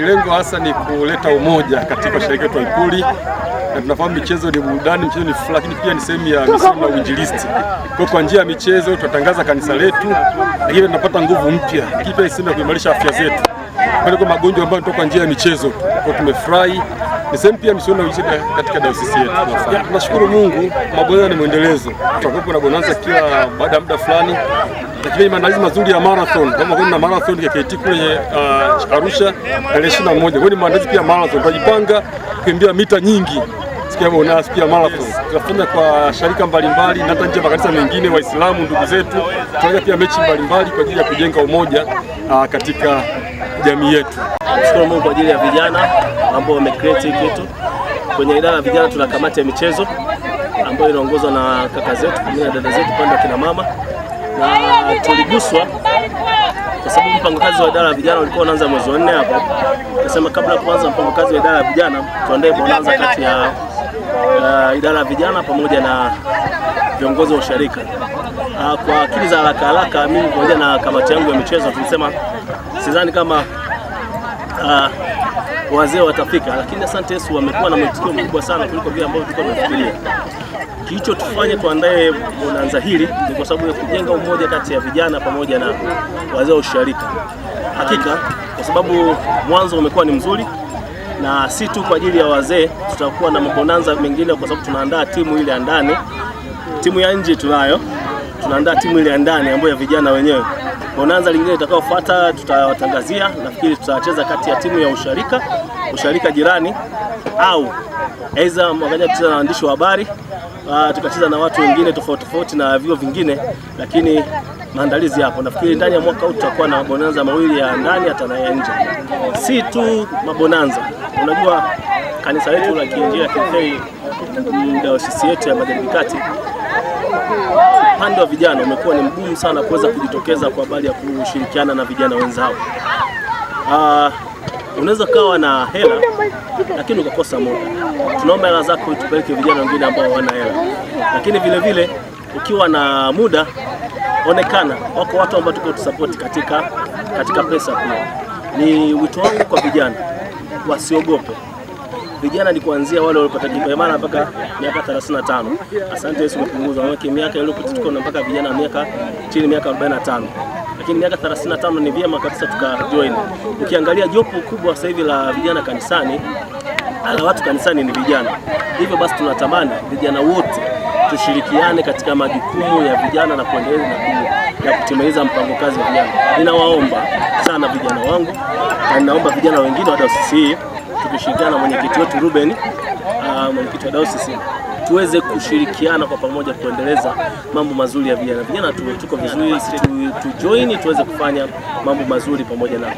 Lengo hasa ni kuleta umoja katika shirika letu Ikuli, na tunafahamu michezo ni burudani, michezo ni furaha, lakini pia ni sehemu ya misimu ya uinjilisti. Kwa kwa njia ya michezo tutatangaza kanisa letu, lakini pia tunapata nguvu mpya, lakini pia sehemu ya kuimarisha afya zetu kwa magonjwa ambayo yanatoka kwa njia ya michezo. Kwa tumefurahi ni sehemu pia misioni na uinjilisti katika dayosisi yetu. Tunashukuru Mungu, mabonanza ni mwendelezo, tutakuwa na bonanza kila baada ya muda fulani lakini maandalizi mazuri ya marathon kama kuna marathon ya KT kule uh, Arusha tarehe ishirini moja. Kwa hiyo maandalizi pia marathon, tunajipanga kukimbia mita nyingi na sikia marathon tunafanya kwa sharika mbalimbali na hata nje makanisa mengine Waislamu ndugu zetu, tunafanya pia mechi mbalimbali kwa ajili ya kujenga umoja uh, katika jamii yetu. Nashukuru Mungu kwa ajili ya vijana ambao wamecreate kitu. Kwenye idara ya vijana tuna kamati ya michezo ambayo inaongozwa na kaka zetu pamoja na dada zetu pande ya kina mama na tuliguswa kwa sababu mpango kazi wa idara ya vijana ulikuwa unaanza mwezi wa nne hapo. Nasema kabla ya kuanza mpango kazi wa idara ya vijana tuandae bonanza kati ya uh, idara ya vijana pamoja na viongozi wa ushirika. Uh, ah, kwa akili za haraka haraka, mimi pamoja na kamati yangu ya michezo tulisema sidhani kama uh, wazee watafika, lakini asante Yesu, wamekuwa na mwitikio mkubwa sana kuliko vile ambavyo tulikuwa tunafikiria. Kilicho tufanye tuandae bonanza hili ni kwa sababu ya kujenga umoja kati ya vijana pamoja na wazee wa ushirika, hakika kwa sababu mwanzo umekuwa ni mzuri na si tu kwa ajili ya wazee. Tutakuwa na mabonanza mengine, kwa sababu tunaandaa timu ile ya ndani, timu ya nje tunayo tunaandaa timu ile ya ndani ambayo ya vijana wenyewe. Bonanza lingine itakayofuata tutawatangazia. Nafikiri tutacheza kati ya timu ya usharika usharika jirani au aidha mwakaja tucheza na waandishi wa habari uh, ah, tukacheza na watu wengine tofauti tofauti na vio vingine, lakini maandalizi yapo. Nafikiri ndani ya mwaka huu tutakuwa na mabonanza mawili ya ndani hata na nje, si tu mabonanza. Unajua kanisa letu la Kiinjili la Kilutheri, dayosisi yetu ya Magharibi Kati upande wa vijana umekuwa ni mgumu sana kuweza kujitokeza kwa habari ya kushirikiana na vijana wenzao. Uh, unaweza ukawa na hela lakini ukakosa muda. Tunaomba hela zako tupeleke vijana wengine ambao hawana hela, lakini vile vile ukiwa na muda onekana, wako watu ambao tuko tusapoti katika, katika pesa pia. Ni wito wangu kwa vijana wasiogope vijana ni kuanzia wale waliopata kipaimara mpaka miaka 35. Asante Yesu kupunguza wake miaka iliyopita tuko na mpaka vijana miaka chini miaka 45 lakini miaka 35 ni vyema kabisa tuka join. Ukiangalia jopo kubwa sasa hivi la vijana kanisani ala watu kanisani ni vijana, hivyo basi tunatamani vijana wote tushirikiane katika majukumu ya vijana na kuendeleza na ya kutimiliza mpango kazi wa vijana. Ninawaomba sana vijana wangu na ninaomba vijana wengine wa dayosisi hii kushirikiana na mwenyekiti wetu Ruben, uh, mwenyekiti wa dayosisi tuweze kushirikiana kwa pamoja kuendeleza mambo mazuri ya vijana vijana. tu, tuko vizuri, tujoini tuweze kufanya mambo mazuri pamoja nao.